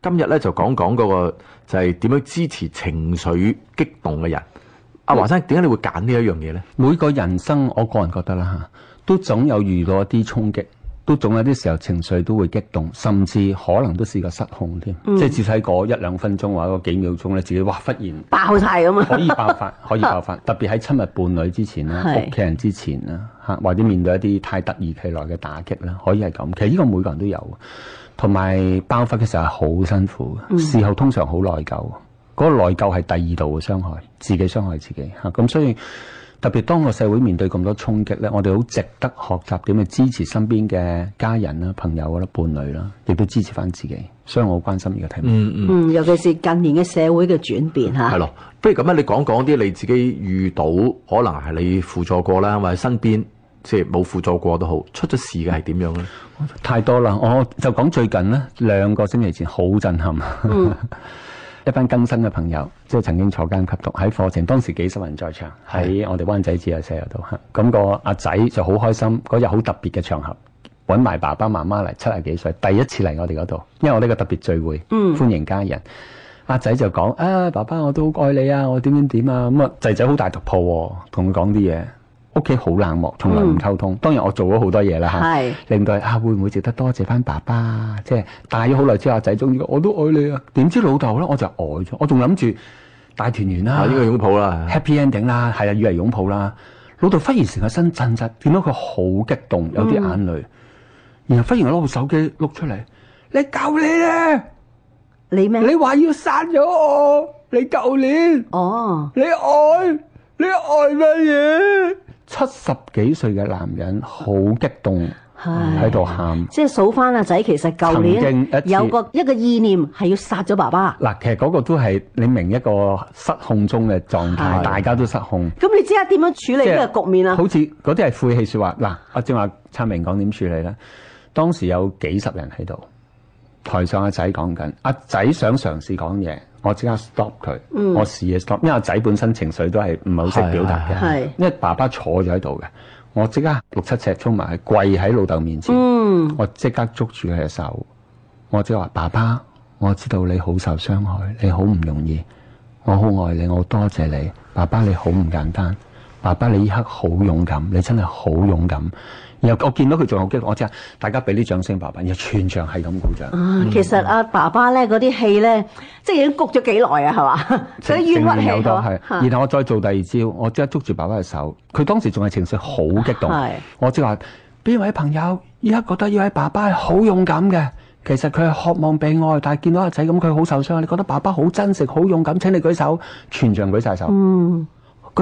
今日咧就講講嗰個就係點樣支持情緒激動嘅人。阿、啊、華山，點解你會揀呢一樣嘢呢？每個人生，我個人覺得啦吓，都總有遇到一啲衝擊，都總有啲時候情緒都會激動，甚至可能都試過失控添。嗯、即係只細嗰一兩分鐘或者嗰幾秒鐘咧，自己哇忽然爆晒咁樣？可以爆發，可以爆發。 特別喺親密伴侶之前啦、屋企是人之前啦，吓或者面對一啲太突如其來嘅打擊啦，可以係咁。其實呢個每個人都有。同埋爆發嘅時候係好辛苦、嗯、事後通常好內疚，嗰、嗰個內疚係第二度嘅傷害，自己傷害自己嚇。咁所以特別當個社會面對咁多衝擊呢，我哋好值得學習點去支持身邊嘅家人啦、朋友啦、伴侶啦，亦都支持翻自己。所以我好關心呢個題目。嗯嗯、尤其是近年嘅社會嘅轉變嚇。係咯，不如咁樣，你講講啲你自己遇到，可能係你輔助過啦，或者身邊。即係冇輔助過都好，出咗事嘅係點樣咧？太多啦，我就講最近啦。兩個星期前好震撼，嗯、 一班更新嘅朋友，即係曾經坐監吸毒喺課程，當時幾十人在場，喺是我哋灣仔自由社嗰度嚇。咁個阿仔就好開心，嗰日好特別嘅場合，揾埋爸爸媽媽嚟，七十幾歲第一次嚟我哋嗰度，因為我呢個特別聚會，歡、嗯、歡迎家人。阿仔就講：啊、哎，爸爸我都好愛你啊，我點點點啊。咁啊，仔仔好大突破喎、啊，同佢講啲嘢。屋企好冷漠，從來唔溝通。嗯、當然，我做咗好多嘢啦，嚇是，令到啊，會唔會值得多謝翻爸爸？即係大咗好耐之後，仔終於我，我都愛你啊。點知老豆咧，我就呆咗，我仲諗住大團圓啦、啊，呢、啊、個擁抱啦的，Happy Ending 啦，係啊，於是擁抱啦。老豆忽然成個身震震，見到佢好激動，有啲眼淚，嗯、然後忽然攞部手機碌出嚟，嗯、你救你咧，你咩？你話要殺咗我，你救、哦、你哦，你愛你愛乜嘢？七十幾歲嘅男人好激動，喺度喊，即係數翻阿仔，其實舊年有一個一,一個意念係要殺咗爸爸。嗱，其實嗰個都係你明一個失控中嘅狀態，的大家都失控。咁你即刻點樣處理呢個是局面啊？好似嗰啲係晦氣說話。嗱， 阿正話燦明講點處理咧？當時有幾十人喺度，台上阿仔講緊，阿仔想嘗試講嘢。我即刻 stop 佢，嗯、我試嘅 stop，因為我仔本身情緒都係唔好識表達嘅，是是是因為爸爸坐咗喺度嘅，我即刻六七尺衝埋去跪喺老豆面前，嗯、我即刻捉住佢嘅手，我即話爸爸，我知道你好受傷害，你好唔容易，我好愛你，我多謝你，爸爸你好唔簡單。爸爸，你依刻好勇敢，你真係好勇敢。然後我見到佢仲好激動，我即係大家俾啲掌聲，爸爸，然後全場係咁鼓掌。啊、其實阿、啊嗯、爸爸咧嗰啲氣咧，即係已經焗咗幾耐啊，係嘛？正所以冤屈氣。有多是然後我再做第二招，我即刻捉住爸爸嘅手。佢當時仲係情緒好激動。是我即話：邊位朋友依刻覺得依位爸爸係好勇敢嘅？其實佢係渴望被愛，但係見到阿仔咁，佢好受傷。你覺得爸爸好真實、好勇敢？請你舉手，全場舉晒手。嗯。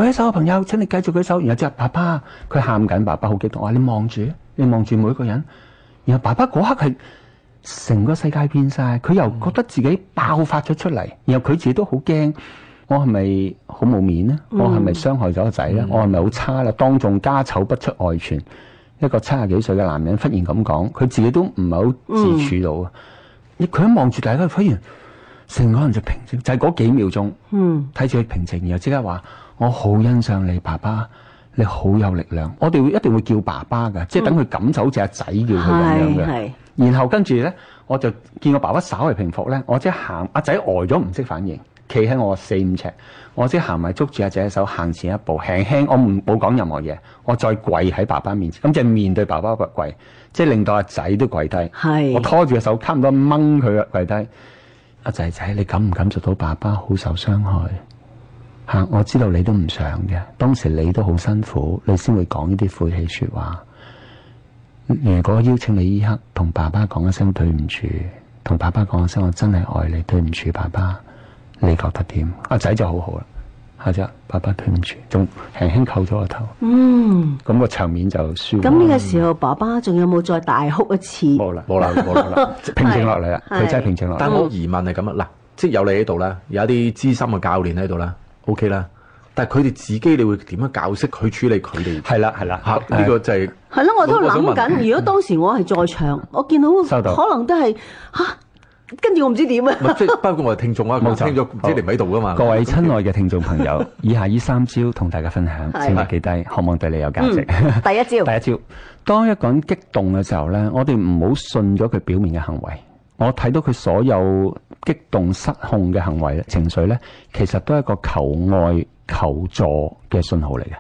舉手嘅朋友，請你繼續舉手。然後只爸爸，佢喊緊，爸爸好激動啊！我話你望住，你望住每一個人。然後爸爸嗰刻係成個世界變晒，佢又覺得自己爆發咗出嚟。然後佢自己都好驚，我係咪好冇面呢？我係咪傷害咗個仔呢？我係咪好差啦？當眾家醜不出外傳，一個七十幾歲嘅男人忽然咁講，佢自己都唔係好自處到啊！佢一望住大家，忽然。成個人就平靜，就係、是、嗰幾秒鐘，睇住佢平靜，然後即刻話：我好欣賞你爸爸，你好有力量。我哋會一定會叫爸爸噶，嗯、即係等佢感受好似阿仔叫佢咁樣嘅。然後跟住咧，我就見我爸爸稍為平復咧，我即係行阿仔呆咗唔識反應，企喺我四五尺，我即係行埋捉住阿仔手行前一步，輕輕我唔冇講任何嘢，我再跪喺爸爸面前，咁就面對爸爸個跪，即係令到阿仔都跪低。是我拖住個手，差唔多掹佢跪低。阿仔仔，你感唔感受到爸爸好受傷害？吓，我知道你都唔想嘅，當時你都好辛苦，你先會講呢啲晦氣說話。如果邀請你依刻同爸爸講一聲對唔住，同爸爸講一聲我真係愛你，對唔住爸爸，你覺得點？阿仔就好好啦。係爸爸對唔住，仲輕輕扣咗個頭。嗯，咁個場面就舒，咁呢個時候，爸爸仲有冇再大哭一次？冇啦，冇啦，冇啦，平靜落嚟啦，佢真係平靜落嚟。但我疑問係咁啊，嗱，即係有你喺度啦，有一啲資深嘅教練喺度啦，OK 啦，但係佢哋自己你會點樣教識佢處理佢哋？係啦，係啦，嚇呢個就係係咯，我都諗緊，如果當時我係在場，我見到可能都係嚇。跟住我唔知點啊！即係包括我哋聽眾啊，我錯聽唔知你喺度噶嘛？各位親愛嘅聽眾朋友， 以下依三招同大家分享，請 記低，渴望對你有價值。嗯，第一招， 第一招，當一個人激動嘅時候呢，我哋唔好信咗佢表面嘅行為，我睇到佢所有激動失控嘅行為、情緒呢，其實都係一個求愛求助嘅信號嚟嘅。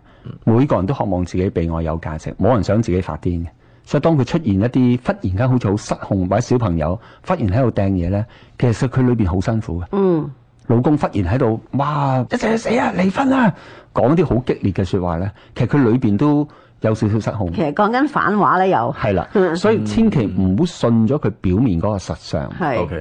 每個人都渴望自己被愛有價值，冇人想自己發癲嘅。所以當佢出現一啲忽然間好似好失控，或者小朋友忽然喺度掟嘢咧，其實佢裏邊好辛苦嘅。嗯，老公忽然喺度，哇！一齊死啊，離婚啦，講啲好激烈嘅説話咧，其實佢裏邊都有少少失控。其實講緊反話咧，又係啦。所以千祈唔好信咗佢表面嗰個實相，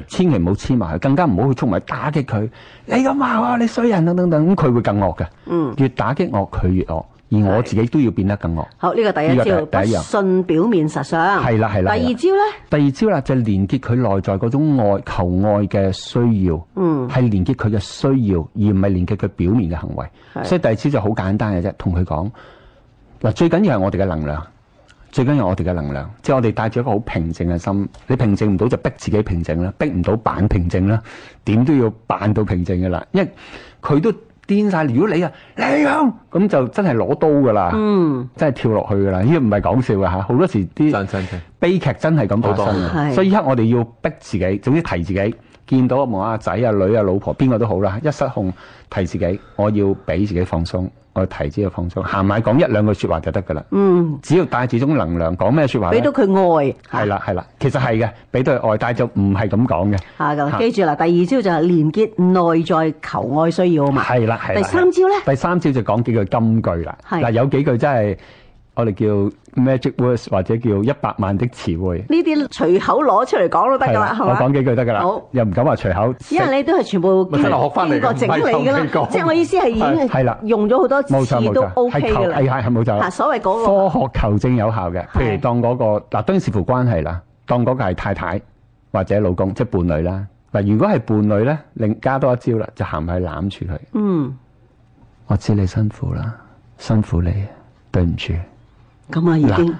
千祈唔好黐埋佢，更加唔好去沖埋打擊佢。你咁話我，你衰人等等等，咁佢會更惡嘅。嗯，越打擊我，佢越惡。而我自己都要變得更惡。好，呢個第一招，不信表面實相。係啦，係啦。第二招咧？第二招啦，就連接佢內在嗰種愛、求愛嘅需要。嗯。係連接佢嘅需要，而唔係連接佢表面嘅行為。係。所以第二招就好簡單嘅啫，同佢講嗱，最緊要係我哋嘅能量，最緊要是我哋嘅能量，即係我哋帶住一個好平靜嘅心。你平靜唔到就逼自己平靜啦，逼唔到扮平靜啦，點都要扮到平靜嘅啦，因佢都。癲晒！如果你啊，你咁、啊，咁就真係攞刀噶啦，嗯，真係跳落去噶啦，呢個唔係講笑噶吓，好多時啲悲劇真係咁發生嘅，所以依刻我哋要逼自己，總之提自己，見到啊望下啊仔啊女啊老婆邊個都好啦，一失控。提自己，我要俾自己放鬆，我要提自己放鬆，行埋講一兩句說話就得噶啦。嗯，只要帶住種能量講咩說、說話，俾到佢愛。係啦係啦，其實係嘅，俾到佢愛，但就唔係咁講嘅。啊，記住啦，第二招就係連結內在求愛需要啊嘛。係啦係。第三招咧？第三招就講幾句金句啦。係嗱的，有幾句真係。我哋叫 Magic Words 或者叫一百萬的詞彙，呢啲隨口攞出嚟講都得噶啦，係嘛？我講幾句得噶啦，好又唔敢話隨口。因為你都係全部科學翻嚟，唔係求其嚟噶啦。即係我意思係已經係，啦，用咗好多字都 O K 噶啦。係係冇錯。嗱，所謂嗰個科學求證有效嘅，譬如當嗰個嗱，當然視乎關係啦。當嗰個係太太或者老公，即係伴侶啦。嗱，如果係伴侶咧，另加多一招啦，就行埋攬住佢。嗯，我知你辛苦啦，辛苦你，對唔住。咁啊，已經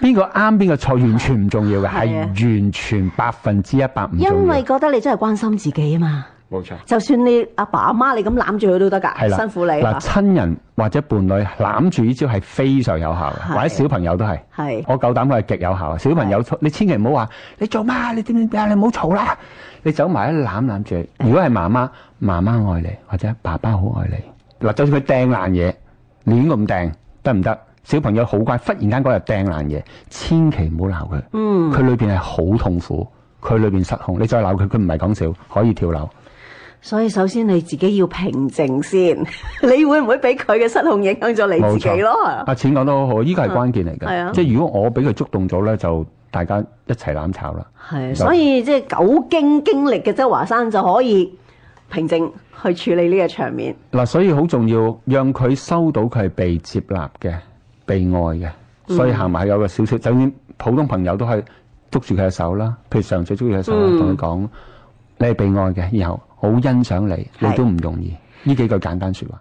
邊個啱邊個錯，完全唔重要嘅，係、啊、完全百分之一百唔重要。因為覺得你真係關心自己啊嘛，冇錯錯。就算你阿爸阿媽，你咁攬住佢都得噶，係啦，辛苦你。嗱、啊，親人或者伴侶攬住呢招係非常有效嘅，啊、或者小朋友都係。係、啊、我夠膽，佢係極有效小朋友，啊、你千祈唔好話你做咩，你點點點你唔好嘈啦。你走埋一攬攬住，如果係媽媽，媽媽愛你，或者爸爸好愛你。嗱，就算佢掟爛嘢，亂咁掟得唔得？行小朋友好乖，忽然間嗰日掟爛嘢，千祈唔好鬧佢。嗯，佢裏邊係好痛苦，佢裏邊失控。你再鬧佢，佢唔係講笑，可以跳樓。所以首先你自己要平靜先，你會唔會俾佢嘅失控影響咗你自己咯？阿錢講得好好，依個係關鍵嚟嘅。啊啊、即係如果我俾佢觸動咗呢，就大家一齊攬炒啦。啊、所以即係以久經經歷嘅周華山就可以平靜去處理呢個場面。嗱，所以好重要，讓佢收到佢係被接納嘅。被愛嘅，所以行埋有個小小，就算，嗯、普通朋友都係捉住佢嘅手啦。譬如上次捉住佢隻手，同佢講你係被愛嘅，然後好欣賞你，你都唔容易。呢是的 幾句簡單說話。